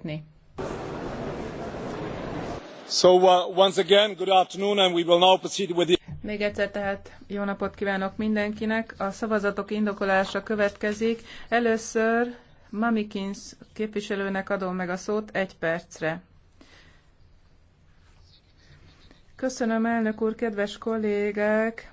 jutni. So, uh, once again, good afternoon, and we will now proceed with the... Még egyszer tehát jó napot kívánok mindenkinek. A szavazatok indokolása következik. Először Mamikins képviselőnek adom meg a szót egy percre. Köszönöm, elnök úr, kedves kollégák!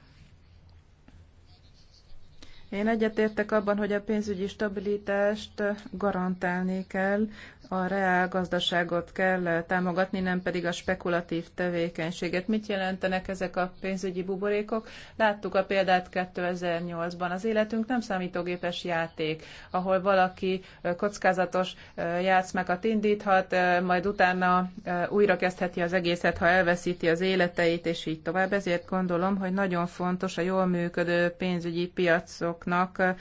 Én egyetértek abban, hogy a pénzügyi stabilitást garantálni kell, a reál gazdaságot kell támogatni, nem pedig a spekulatív tevékenységet. Mit jelentenek ezek a pénzügyi buborékok? Láttuk a példát 2008-ban. Az életünk nem számítógépes játék, ahol valaki kockázatos játszmákat indíthat, majd utána újra kezdheti az egészet, ha elveszíti az életeit, és így tovább. Ezért gondolom, hogy nagyon fontos a jól működő pénzügyi piacok országoknak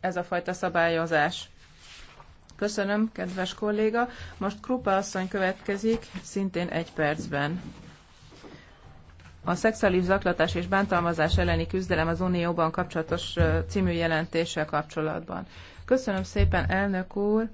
ez a fajta szabályozás. Köszönöm, kedves kolléga. Most Krupa asszony következik, szintén egy percben. A szexuális zaklatás és bántalmazás elleni küzdelem az Unióban kapcsolatos című jelentéssel kapcsolatban. Köszönöm szépen, elnök úr!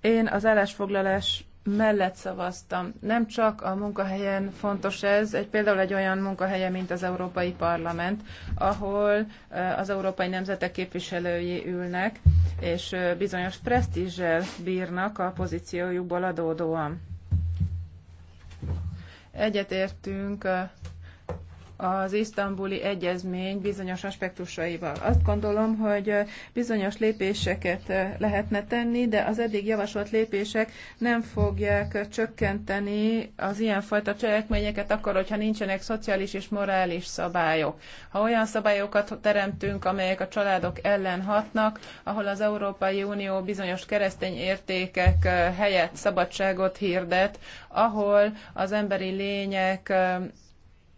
Én az állásfoglalás mellett szavaztam. Nem csak a munkahelyen fontos ez, egy, például egy olyan munkahelye, mint az Európai Parlament, ahol eh, az európai nemzetek képviselői ülnek, és eh, bizonyos presztízsel bírnak a pozíciójukból adódóan. Egyetértünk eh, az isztambuli egyezmény bizonyos aspektusaival. Azt gondolom, hogy bizonyos lépéseket lehetne tenni, de az eddig javasolt lépések nem fogják csökkenteni az ilyenfajta cselekményeket akkor, hogyha nincsenek szociális és morális szabályok. Ha olyan szabályokat teremtünk, amelyek a családok ellen hatnak, ahol az Európai Unió bizonyos keresztény értékek helyett szabadságot hirdet, ahol az emberi lények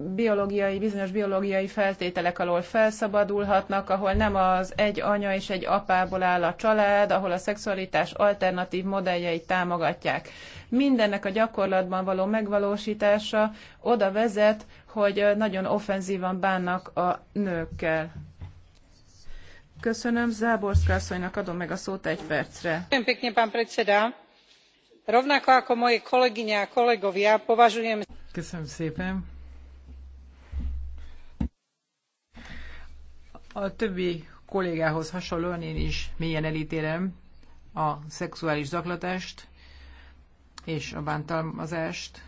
biológiai, bizonyos biológiai feltételek alól felszabadulhatnak, ahol nem az egy anya és egy apából áll a család, ahol a szexualitás alternatív modelljeit támogatják. Mindennek a gyakorlatban való megvalósítása oda vezet, hogy nagyon offenzívan bánnak a nőkkel. Köszönöm, Záborszka asszonynak adom meg a szót egy percre. Köszönöm szépen. A többi kollégához hasonlóan én is mélyen elítélem a szexuális zaklatást és a bántalmazást.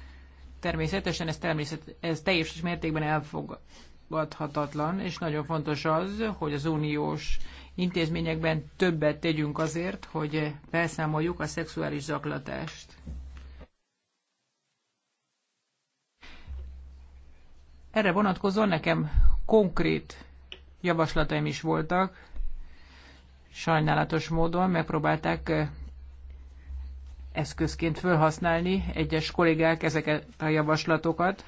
Természetesen ez, természet, ez teljes mértékben elfogadhatatlan, és nagyon fontos az, hogy az uniós intézményekben többet tegyünk azért, hogy felszámoljuk a szexuális zaklatást. Erre vonatkozóan nekem konkrét javaslataim is voltak. Sajnálatos módon megpróbálták eszközként felhasználni egyes kollégák ezeket a javaslatokat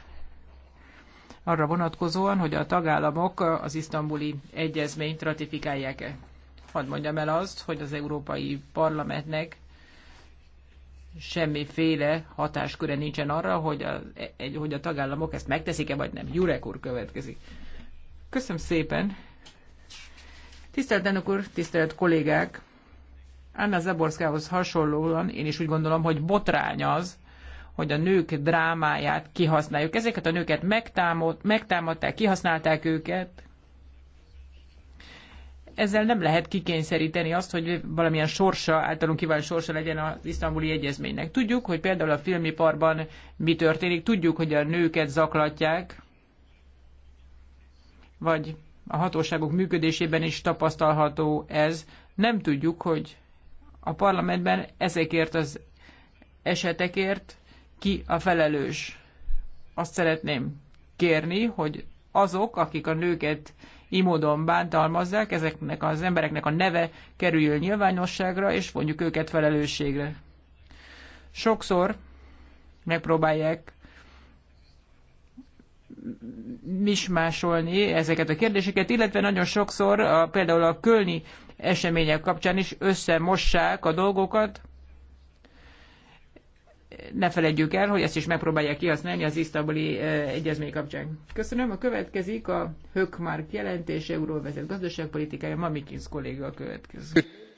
arra vonatkozóan, hogy a tagállamok az isztambuli egyezményt ratifikálják-e. Hadd mondjam el azt, hogy az Európai Parlamentnek semmiféle hatásköre nincsen arra, hogy a, hogy a tagállamok ezt megteszik-e, vagy nem. Jurek úr következik. Köszönöm szépen. Tisztelt elnök úr, tisztelt kollégák! Anna Zaborskához hasonlóan én is úgy gondolom, hogy botrány az, hogy a nők drámáját kihasználjuk. Ezeket a nőket megtámad, megtámadták, kihasználták őket. Ezzel nem lehet kikényszeríteni azt, hogy valamilyen sorsa, általunk kívánt sorsa legyen az isztambuli egyezménynek. Tudjuk, hogy például a filmiparban mi történik, tudjuk, hogy a nőket zaklatják, vagy a hatóságok működésében is tapasztalható ez. Nem tudjuk, hogy a parlamentben ezekért az esetekért ki a felelős. Azt szeretném kérni, hogy azok, akik a nőket imódon bántalmazzák, ezeknek az embereknek a neve kerüljön nyilvánosságra, és vonjuk őket felelősségre. Sokszor megpróbálják mismásolni ezeket a kérdéseket, illetve nagyon sokszor a, például a kölni események kapcsán is összemossák a dolgokat. Ne felejtjük el, hogy ezt is megpróbálják kihasználni az isztambuli e, egyezmény kapcsán. Köszönöm. A következik a Hökmark jelentése, Euróvezet gazdaságpolitikája, Mamikins kolléga a következő.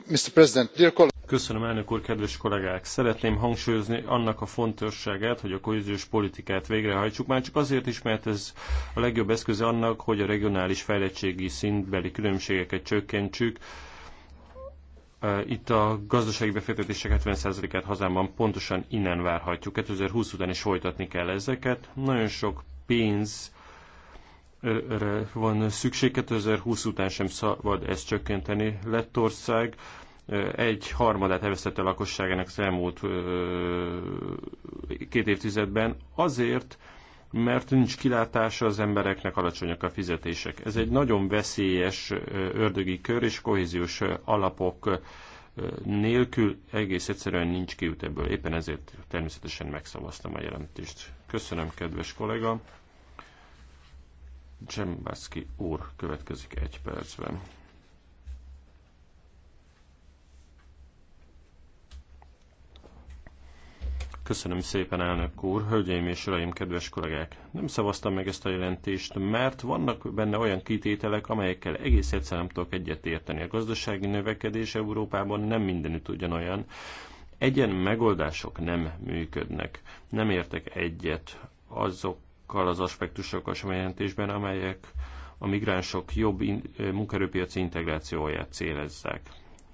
Mr. President, dear colleagues. Köszönöm, elnök úr, kedves kollégák! Szeretném hangsúlyozni annak a fontosságát, hogy a kohéziós politikát végrehajtsuk, már csak azért is, mert ez a legjobb eszköze annak, hogy a regionális fejlettségi szintbeli különbségeket csökkentsük. E, itt a gazdasági befektetések 70%-át hazámban pontosan innen várhatjuk. 2020 után is folytatni kell ezeket. Nagyon sok pénz e, van szükség, 2020 után sem szabad ezt csökkenteni. Lettország egy harmadát elvesztette a lakosságának az elmúlt két évtizedben azért, mert nincs kilátása az embereknek, alacsonyak a fizetések. Ez egy nagyon veszélyes ördögi kör, és kohéziós alapok nélkül egész egyszerűen nincs kiút ebből. Éppen ezért természetesen megszavaztam a jelentést. Köszönöm, kedves kollega. Csembászki úr következik egy percben. Köszönöm szépen, elnök úr, hölgyeim és uraim, kedves kollégák! Nem szavaztam meg ezt a jelentést, mert vannak benne olyan kitételek, amelyekkel egész egyszerűen nem tudok egyetérteni. A gazdasági növekedés Európában nem mindenütt ugyanolyan. Egyen megoldások nem működnek. Nem értek egyet azokkal az aspektusokkal sem a jelentésben, amelyek a migránsok jobb munkerőpiaci integrációját célezzák.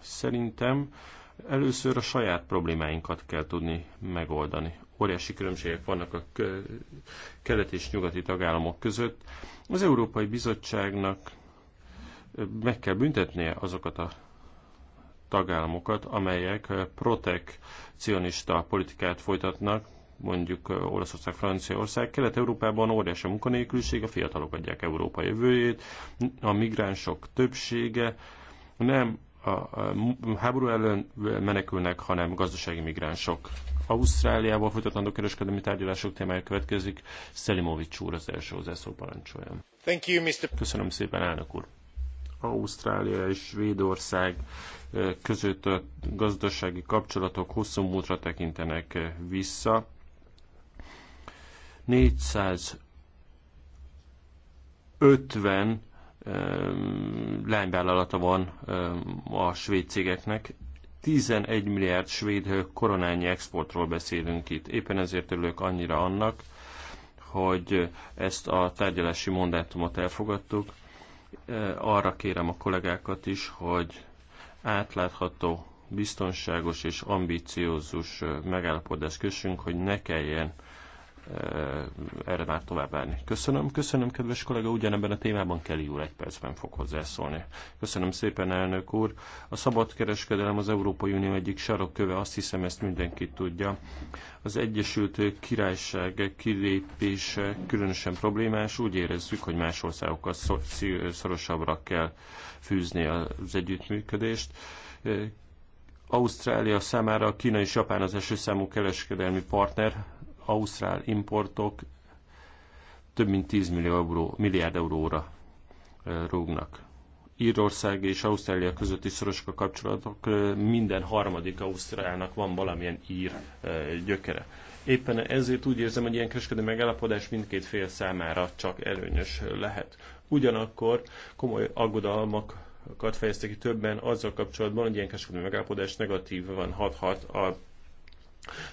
Szerintem Először a saját problémáinkat kell tudni megoldani. Óriási különbségek vannak a kelet és nyugati tagállamok között. Az Európai Bizottságnak meg kell büntetnie azokat a tagállamokat, amelyek protekcionista politikát folytatnak, mondjuk Olaszország, Franciaország. Kelet-Európában óriási munkanélküliség, a fiatalok adják Európa jövőjét, a migránsok többsége nem a háború ellen menekülnek, hanem gazdasági migránsok. Ausztráliával folytatandó kereskedelmi tárgyalások témája következik. Szelimovics úr az első hozzászó parancsoljon. Thank you, Mr. Köszönöm szépen, elnök úr. Ausztrália és Svédország között a gazdasági kapcsolatok hosszú múltra tekintenek vissza. 450 lányvállalata van a svéd cégeknek. 11 milliárd svéd koronányi exportról beszélünk itt. Éppen ezért örülök annyira annak, hogy ezt a tárgyalási mandátumot elfogadtuk. Arra kérem a kollégákat is, hogy átlátható, biztonságos és ambiciózus megállapodást kössünk, hogy ne kelljen erre már tovább várni. Köszönöm, köszönöm, kedves kollega, ugyanebben a témában Kelly úr egy percben fog hozzászólni. Köszönöm szépen, elnök úr. A kereskedelem az Európai Unió egyik sarokköve, azt hiszem ezt mindenki tudja. Az Egyesült Királyság kilépése különösen problémás, úgy érezzük, hogy más országokkal szorosabbra kell fűzni az együttműködést. Ausztrália számára Kína és Japán az első számú kereskedelmi partner, ausztrál importok több mint 10 millió euró, milliárd euróra rúgnak. Írország és Ausztrália közötti szorosak a kapcsolatok, minden harmadik Ausztrálnak van valamilyen ír gyökere. Éppen ezért úgy érzem, hogy ilyen kereskedő megállapodás mindkét fél számára csak előnyös lehet. Ugyanakkor komoly aggodalmakat fejezte ki többen azzal kapcsolatban, hogy ilyen kereskedő megállapodás van. hathat a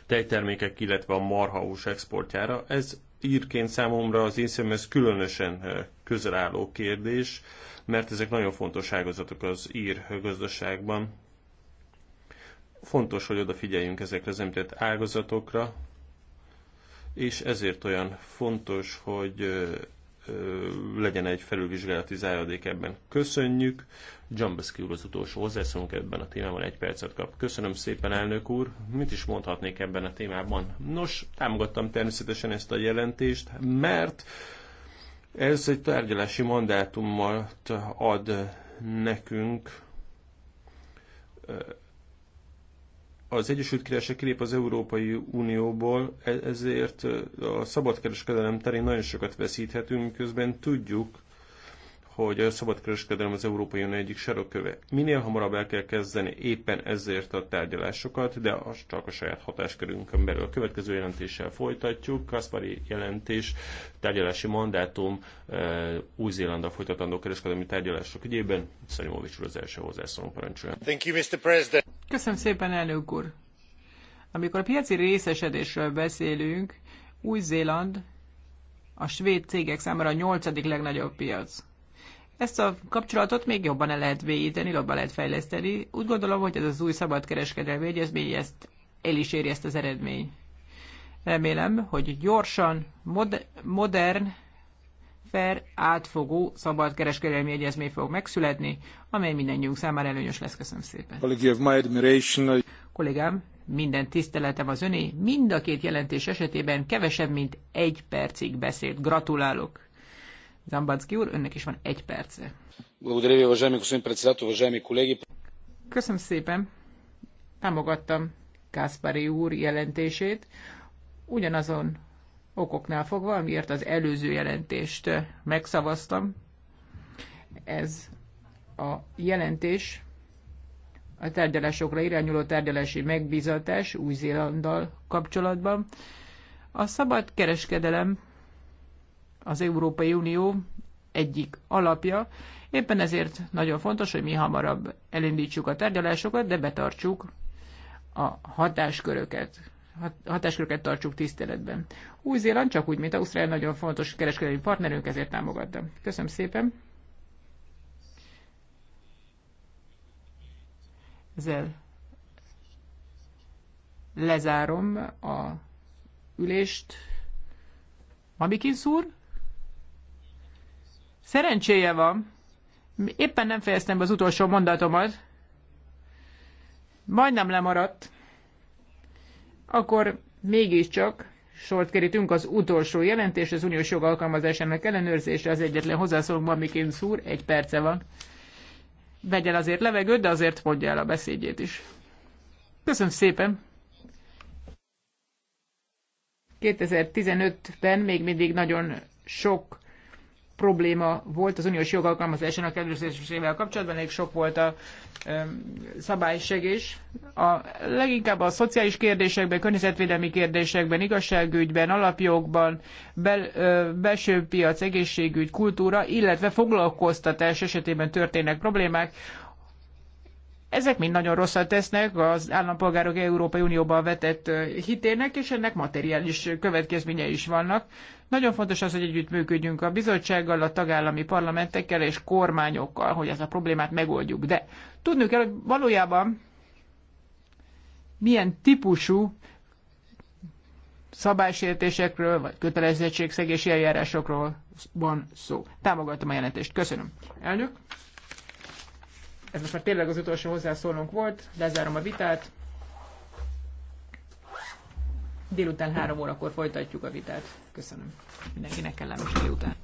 tejtermékek, illetve a marhahús exportjára. Ez írként számomra az én ez különösen eh, közel álló kérdés, mert ezek nagyon fontos ágazatok az ír gazdaságban. Fontos, hogy odafigyeljünk ezekre az említett ágazatokra, és ezért olyan fontos, hogy eh, legyen egy felülvizsgálati záradék ebben. Köszönjük. Jambeszki úr az utolsó hozzászólunk ebben a témában, egy percet kap. Köszönöm szépen, elnök úr. Mit is mondhatnék ebben a témában? Nos, támogattam természetesen ezt a jelentést, mert ez egy tárgyalási mandátummal ad nekünk az Egyesült Királyság kilép az Európai Unióból, e- ezért a szabadkereskedelem terén nagyon sokat veszíthetünk, közben tudjuk, hogy a szabadkereskedelem az Európai Unió egyik sarokköve. Minél hamarabb el kell kezdeni éppen ezért a tárgyalásokat, de az csak a saját hatáskörünkön belül. A következő jelentéssel folytatjuk. Kaspari jelentés tárgyalási mandátum Új-Zélanda folytatandó kereskedelmi tárgyalások ügyében. Szerimovics úr az első hozzászóló parancsolja. Thank you, Mr. President. Köszönöm szépen, elnök úr. Amikor a piaci részesedésről beszélünk, Új-Zéland a svéd cégek számára a nyolcadik legnagyobb piac. Ezt a kapcsolatot még jobban el lehet védeni, jobban lehet fejleszteni. Úgy gondolom, hogy ez az új szabadkereskedelmi egyezmény ezt el is éri ezt az eredmény. Remélem, hogy gyorsan, moder- modern fair, átfogó, szabad kereskedelmi egyezmény fog megszületni, amely mindannyiunk számára előnyös lesz. Köszönöm szépen. Kollégám, minden tiszteletem az öné. Mind a két jelentés esetében kevesebb, mint egy percig beszélt. Gratulálok. Zambacki úr, önnek is van egy perce. Köszönöm szépen. Támogattam Kászpári úr jelentését. Ugyanazon okoknál fogva, amiért az előző jelentést eh, megszavaztam. Ez a jelentés a tárgyalásokra irányuló tárgyalási megbízatás Új-Zélanddal kapcsolatban. A szabad kereskedelem az Európai Unió egyik alapja, éppen ezért nagyon fontos, hogy mi hamarabb elindítsuk a tárgyalásokat, de betartsuk a hatásköröket hatásköröket tartsuk tiszteletben. Új-Zéland csak úgy, mint Ausztrália nagyon fontos kereskedelmi partnerünk, ezért támogatta. Köszönöm szépen! Ezzel lezárom a ülést. Mamikinsz úr? Szerencséje van. Éppen nem fejeztem be az utolsó mondatomat. Majdnem lemaradt akkor mégiscsak sort kerítünk az utolsó jelentés, az uniós jog alkalmazásának ellenőrzése az egyetlen hozzászólóban, miként szúr, egy perce van. Vegyen azért levegőt, de azért mondja el a beszédjét is. Köszönöm szépen! 2015-ben még mindig nagyon sok probléma volt az uniós jogalkalmazásának előzésével kapcsolatban, elég sok volt a szabálysegés. A, leginkább a szociális kérdésekben, környezetvédelmi kérdésekben, igazságügyben, alapjogban, bel, ö, belső piac, egészségügy, kultúra, illetve foglalkoztatás esetében történnek problémák. Ezek mind nagyon rosszat tesznek az állampolgárok Európai Unióban vetett hitének, és ennek materiális következményei is vannak. Nagyon fontos az, hogy együttműködjünk a bizottsággal, a tagállami parlamentekkel és kormányokkal, hogy ezt a problémát megoldjuk. De tudnunk kell, hogy valójában milyen típusú szabálysértésekről vagy kötelezettségszegési eljárásokról van szó. Támogatom a jelentést. Köszönöm. Elnök. Ez most már tényleg az utolsó hozzászólónk volt. Lezárom a vitát. Délután három órakor folytatjuk a vitát. Köszönöm. Mindenkinek kellemes délután.